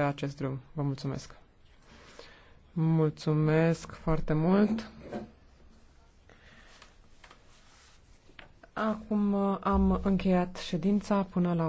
pe acest drum. Vă mulțumesc! Mulțumesc foarte mult! Acum am încheiat ședința până la